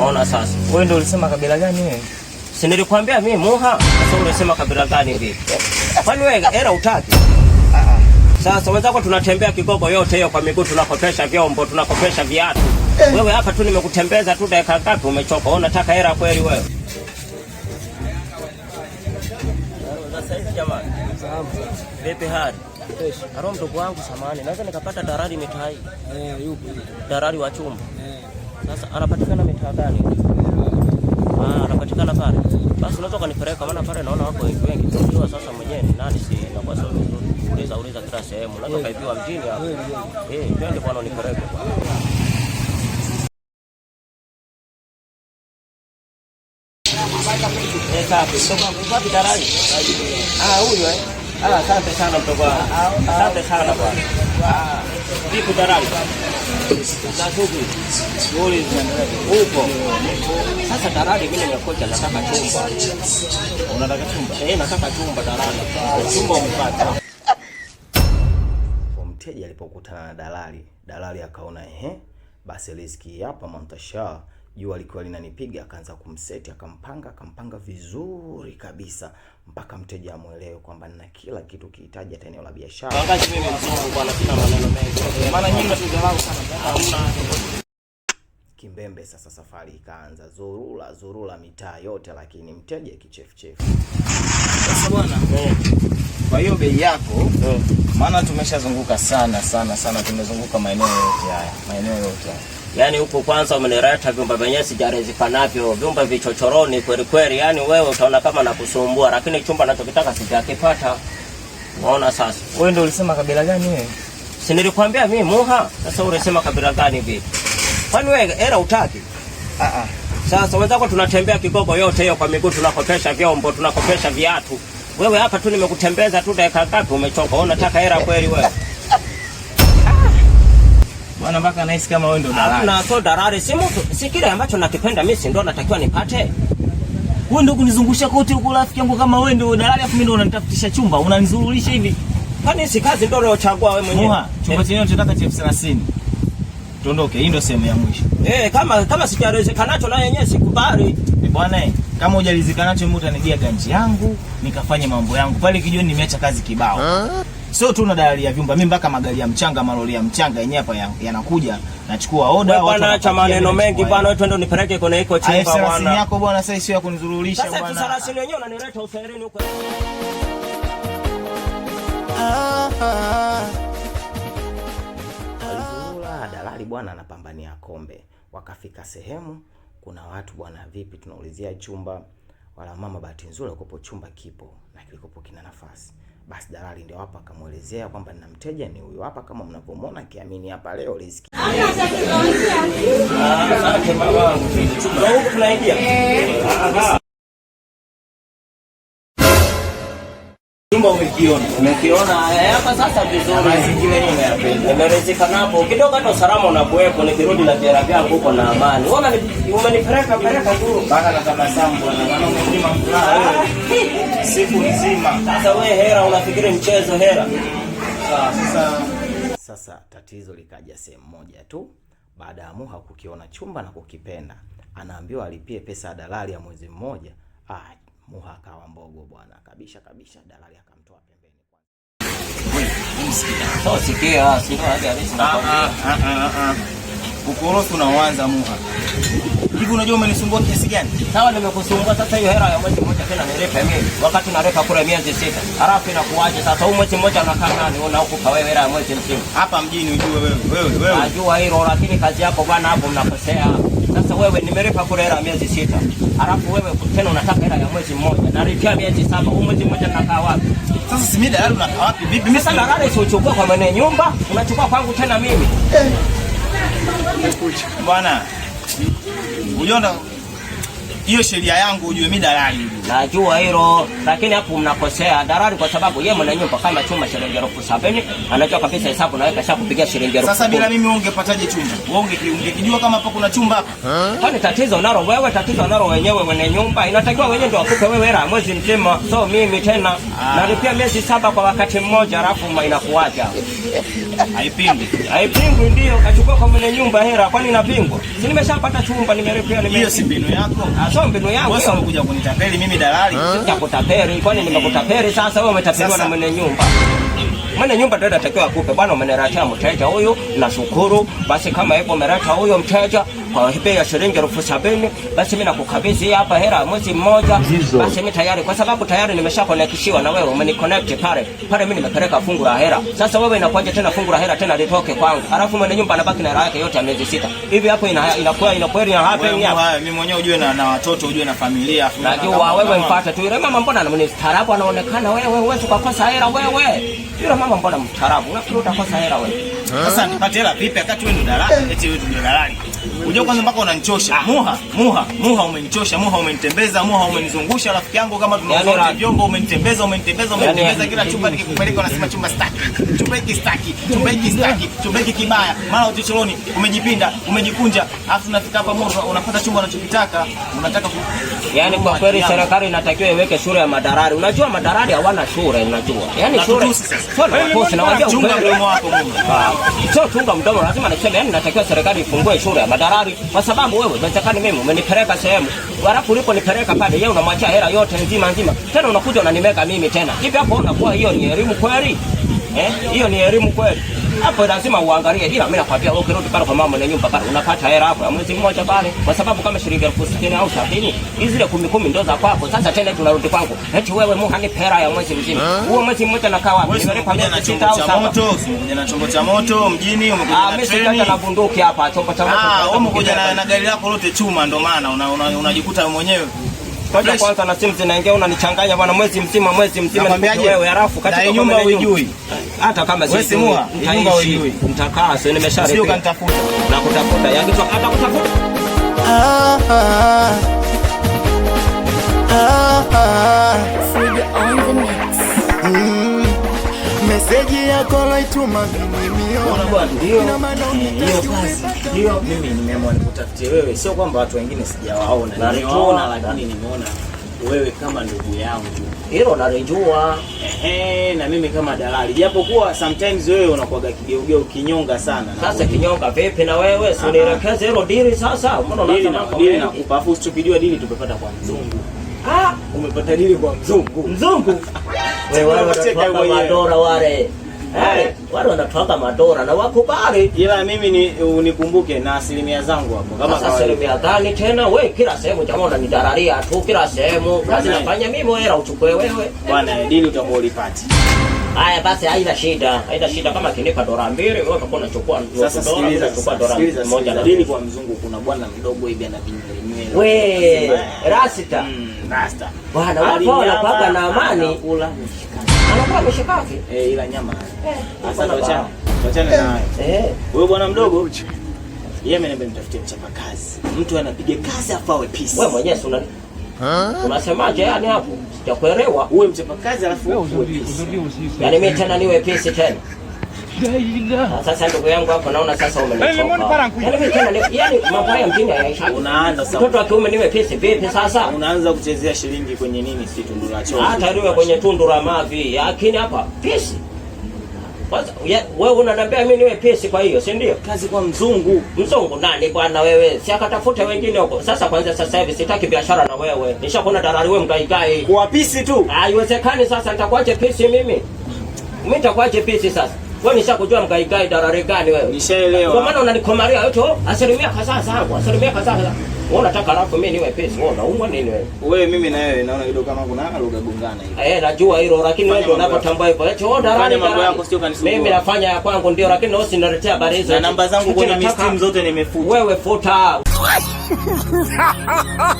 Unaona sasa. Wewe ndio ulisema kabila gani wewe? Si nilikwambia mimi Muha. Sasa unasema kabila gani hivi? Kwani wewe era utaki? Ah, ah. Sasa wenzako tunatembea Kigogo yote hiyo kwa miguu, tunakopesha vyombo, tunakopesha viatu. Eh. Wewe hapa tu nimekutembeza tu dakika ngapi umechoka? Wewe unataka hela kweli wewe? Jamani. Vipi hali? Karo mdogo wangu samani, naweza nikapata darari mitai? Eh, yupo. Darari wa chumba. Sasa anapatikana mitaa gani? Ah, anapatikana pale. Basi unaweza kunipeleka maana pale naona wako wengi wengi. Unajua sasa mwenyewe ni nani si na kwa sababu nzuri. Unaweza uliza kila sehemu. Unaweza kaibiwa mjini hapo. Eh, twende bwana unipeleke bwana. Eka, eh, Sasa kwa kwa bidara. Ah, huyo eh. Ah, asante sana mtoto wangu. Asante sana bwana. Niko Na shughuli. Shughuli zinaendelea. Upo. Sasa mimi nimekuja nataka chumba. Unataka chumba? Eh, nataka chumba Chumba umepata. Mteja alipokutana na dalali, dalali akaona ehe, basi riziki hapa Montasha jua likiwa linanipiga, akaanza kumseti, akampanga, akampanga vizuri kabisa mpaka mteja amwelewe kwamba nina kila kitu kihitaji hata eneo la biashara. Kimbembe sasa, safari ikaanza zurula zurula mitaa yote, lakini mteja kichefuchefu. Oh hiyo bei yako, maana tumeshazunguka sana sana sana, tumezunguka maeneo yote haya, maeneo yote haya Yaani huko kwanza umenileta vyumba vyenyewe sijarezekanavyo, vyumba vichochoroni kweli kweli. Yaani wewe utaona kama nakusumbua, lakini chumba nachokitaka sijakipata. Unaona sasa? Wewe ndio ulisema kabila gani wewe? Si nilikwambia mimi Muha. Sasa ulisema kabila gani hivi? Kwani wewe era utaki? Ah ah. Sasa wenzako tunatembea Kigogo yote hiyo kwa miguu, tunakopesha vyombo, tunakopesha viatu. Wewe hapa tu nimekutembeza tu dakika ngapi umechoka? Unataka hela kweli wewe? Bwana mpaka nahisi kama wewe ndio dalali. Na so dalali si mtu, si kile ambacho nakipenda mimi si ndio natakiwa nipate. Wewe ndio kunizungusha kote huko rafiki yangu kama wewe ndio dalali afu mimi ndio unanitafutisha chumba, unanizurulisha hivi. Kwani si kazi ndio unayochagua wewe mwenyewe? Chumba chenyewe tunataka cha elfu thelathini. Tuondoke, hii ndio sehemu ya mwisho. Eh, kama kama sikiwezekanacho na yenyewe sikubali. Ni eh, Bwana eh kama nacho mimi utanijia ganji yangu nikafanye mambo yangu pale kijoni, nimeacha kazi kibao. Sio tu na dalali ya vyumba, mimi mpaka magari ya mchanga, malori ya mchanga yenyewe hapa yanakuja, nachukua oda. Bwana, acha maneno mengi bwana, wewe twende nipeleke kwa iko chimba bwana. Sasa yako bwana, sasa sio ya kunizurulisha bwana. Sasa sasa wenyewe unanileta usairini huko. Ah, ah, ah. Alizurura dalali bwana, anapambania kombe, wakafika sehemu kuna watu bwana, vipi, tunaulizia chumba, wala mama, bahati nzuri alikopo chumba kipo na kilikopo kina nafasi. Basi dalali ndio hapa akamwelezea kwamba nina mteja ni huyu hapa, kama mnavyomwona, kiamini hapa leo riziki. nyumba umekiona, umekiona eh, hapa sasa vizuri, inawezekanapo kidogo, hata usalama unakuwepo, nikirudi na biara vyangu huko na amani. Umenipeleka peleka tu bana, na tabasamu bwana, maana siku nzima. Sasa we hera, unafikiri mchezo hera? Sasa sasa tatizo likaja sehemu moja tu, baada ya Muha kukiona chumba na kukipenda, anaambiwa alipie pesa ya dalali ya mwezi mmoja. ah, Muha akawa mbogo bwana, kabisa kabisa. Dalali akamtoa pembeni ah, ah, ah, ukorofi unaanza Muha. Hivi unajua umenisumbua kiasi gani? Sawa, nimekusumbua sasa. Hiyo hera ya mwezi mmoja tena nirepa mimi, wakati narepa kura miezi sita, halafu inakuaje sasa? Huu mwezi mmoja unakaa nani? huko kwa wewe hera ya mwezi mzima hapa mjini, ujue wewe. Wewe wewe najua hilo, lakini kazi yako bwana, hapo mnakosea. Sasa wewe nimelipa kule hela miezi sita, alafu wewe tena unataka hela ya mwezi mmoja, nalipia miezi saba. Huu mwezi mmoja nakaa wapi? Sasa si mimi dalali nakaa wapi bibi? Mimi sana sio chukua kwa mwenye nyumba, unachukua kwangu tena mimi. Eh. Bwana. Uliona hiyo sheria yangu ujue mimi dalali. Najua hilo, lakini hapo mnakosea dalali kwa sababu yeye mwenye nyumba kama chuma shilingi elfu sabini anajua kabisa hesabu na weka shapu pigia shilingi elfu. Sasa bila mimi ungepataje chumba? Wewe ungekijua kama hapo kuna chumba hapa. Kwani tatizo unalo wewe, tatizo unalo wenyewe mwenye nyumba. Inatakiwa wenyewe ndio wakupe wewe hela mwezi mzima. So mimi tena ah. nalipia miezi saba kwa wakati mmoja alafu inakuacha. Haipingi. Haipingi ndio kachukua kwa mwenye nyumba hela kwani inapingwa? Si nimeshapata chumba nimelipia nimelipia. Hiyo si mbinu yako sio mbinu yangu. Wewe unakuja kunitapeli mimi dalali. Nitakutapeli. Kwani nimekutapeli eh. sasa wewe umetapeliwa na mwenye nyumba. Mwenye nyumba ndio anatakiwa akupe. Bwana umeniratia mteja huyu, nashukuru. Basi kama hivyo umereta huyo mteja, kwa bei ya shilingi elfu sabini basi mimi nakukabidhi hapa hela mwezi mmoja, basi mimi tayari, kwa sababu tayari nimesha konekishiwa na wewe, connect pale pale, mimi nimepeleka fungu la hela. Sasa wewe inakuwaje tena fungu la hela tena litoke kwangu, alafu mwenye nyumba anabaki na hela yake yote ya miezi sita hivi? Hapo inakuwa inakuwa ni hapa ni hapa. Mimi mwenyewe ujue na, na watoto ujue na familia, najua wewe mpate tu ile mama, mbona ni starabu anaonekana wewe, wewe ukakosa hela wewe kila mama mbona mtarabu? Unafikiri utakosa hela wewe? Sasa nipate hela vipi wakati wewe ndo dalali? Eti wewe ndo dalali. Unajua kwanza mpaka unanichosha. Ah. Muha, muha, muha umenichosha, muha umenitembeza, muha umenizungusha rafiki yangu kama yaani tunaona vyombo umenitembeza, umenitembeza, yaani umenitembeza kila chumba nikikupeleka unasema chumba staki. Chumba hiki staki, chumba hiki staki, chumba hiki kibaya. Mara utocholoni umejipinda, umejikunja, afu unafika hapa mmoja unapata chumba unachokitaka, unataka ku... Yaani kwa kweli serikali inatakiwa iweke shule ya madarari. Unajua madarari hawana shule, unajua. Yaani shule Sio chunga mdomo, lazima niseme natakiwa serikali ifungue shule ya madalali, kwa sababu wewe wezekani mimi umenipeleka sehemu, halafu uliponipeleka pale, yeye unamwachia hela yote nzima nzima, tena unakuja unanimega mimi tena. Hivi hapo unakuwa hiyo ni elimu kweli? hiyo eh, ni elimu kweli. Hapo lazima uangalie, ila mimi nakwambia wewe ukirudi pale kwa mama na nyumba pale unapata hela hapo ya mwezi mmoja pale, kwa sababu kama shilingi elfu sitini au sabini hizi ile kumi kumi ndio za kwako. Sasa tena tunarudi kwangu, eti wewe mu hani pera ya mwezi mzima huo mwezi mmoja nakaa wapi? Nimelipa mwezi sita au saba. Umekuja na chombo cha moto mjini, umekuja ah, na Mimi sija na bunduki hapa, chombo cha moto. Ah, wewe umekuja na gari lako lote chuma, ndio maana unajikuta wewe mwenyewe kwanza kwanza na simu zinaingia unanichanganya bwana, mwezi mzima mwezi mzima nikwambiaje wewe, halafu katika nyumba hujui. Hata kama si simu nyumba hujui, nitakaa sio, nimeshare. sio kanitafuta na kutafuta Yaani yangu hata kutafuta. Ah ah ah ah Meseji yako laituma hiyo, mimi nimeamua nikutafutie wewe, sio kwamba watu wengine sijawaona, nimeona lakini nimeona wewe kama ndugu yangu, hilo nalijua ehe, na mimi kama dalali, japokuwa sometimes wewe unakuwaga kigeugeu ukinyonga sana. Sasa kinyonga vipi? na wewe si nielekeze hilo dili. Sasa mbona dili nakupa afu, tukijua dili tumepata kwa mzungu. Ah, umepata dili kwa mzungu mzungu wewe unataka madora wale Hey, eh. eh, wale wanatoka madora na wakubali, ila mimi ni unikumbuke na asilimia zangu hapo. Kama asilimia gani tena? wewe, kila sehemu jamaa unanidararia tu, kila sehemu kazi nafanya eh. mimi, hela uchukue wewe bwana. Dili utakuwa ulipati haya, basi haina shida, haina shida. Kama kinipa dola mbili wewe utakuwa unachukua. Sasa sikiliza, unachukua dola moja na dili kwa mzungu. Kuna bwana mdogo hivi ana vinywele nywele, we rasta hmm rasta. Bwana wali wapa wanapaka na amani, mishikaki? Eh, ila nyama. Eh. Tuachane na Eh. Wewe eh. bwana mdogo yeye ameniambia nitafutie mchapa kazi, mtu anapiga kazi afawe peace. Wewe mwenyewe una unasemaje? Yani hapo sijakuelewa. Uwe mchapa kazi alafu uwe peace, Yaani mimi tena niwe peace tena sasa ndugu yangu hapo naona sasa eh, umenichoka. Yaani, yaani mambo haya mjini hayaisha. Unaanza sasa. Mtoto wa kiume niwe pisi vipi sasa? Unaanza kuchezea shilingi kwenye nini si tundu la choo. Hata niwe kwenye tundu la mavi. Lakini hapa pisi. Kwanza wewe unaniambia mimi niwe pisi kwa hiyo, si ndio? Kazi kwa mzungu. Mzungu nani bwana wewe? Si akatafuta wengine huko. Sasa kwanza sasa hivi sitaki biashara na wewe. Nishakuona dalali wewe mgaigai. Kwa pisi tu. Haiwezekani sasa nitakuaje pisi mimi? Mimi nitakuaje pisi sasa? Wewe nishakujua mkaikai darare gani wewe? Nishaelewa. Kwa maana unanikomalia yote asilimia kadhaa zangu, asilimia kadhaa. Wewe unataka alafu mimi niwe pesa. Wewe unaumwa nini wewe? Wewe mimi na wewe naona kidogo kama kuna lugha gongana hivi. Eh, najua hilo lakini wewe ndio unapotambua hivyo. Eti wewe darare mambo yako sio kanisumbua. Mimi nafanya ya kwangu ndio lakini wewe sinaletea habari hizo. Na namba zangu kwenye mistimu zote nimefuta. Wewe futa.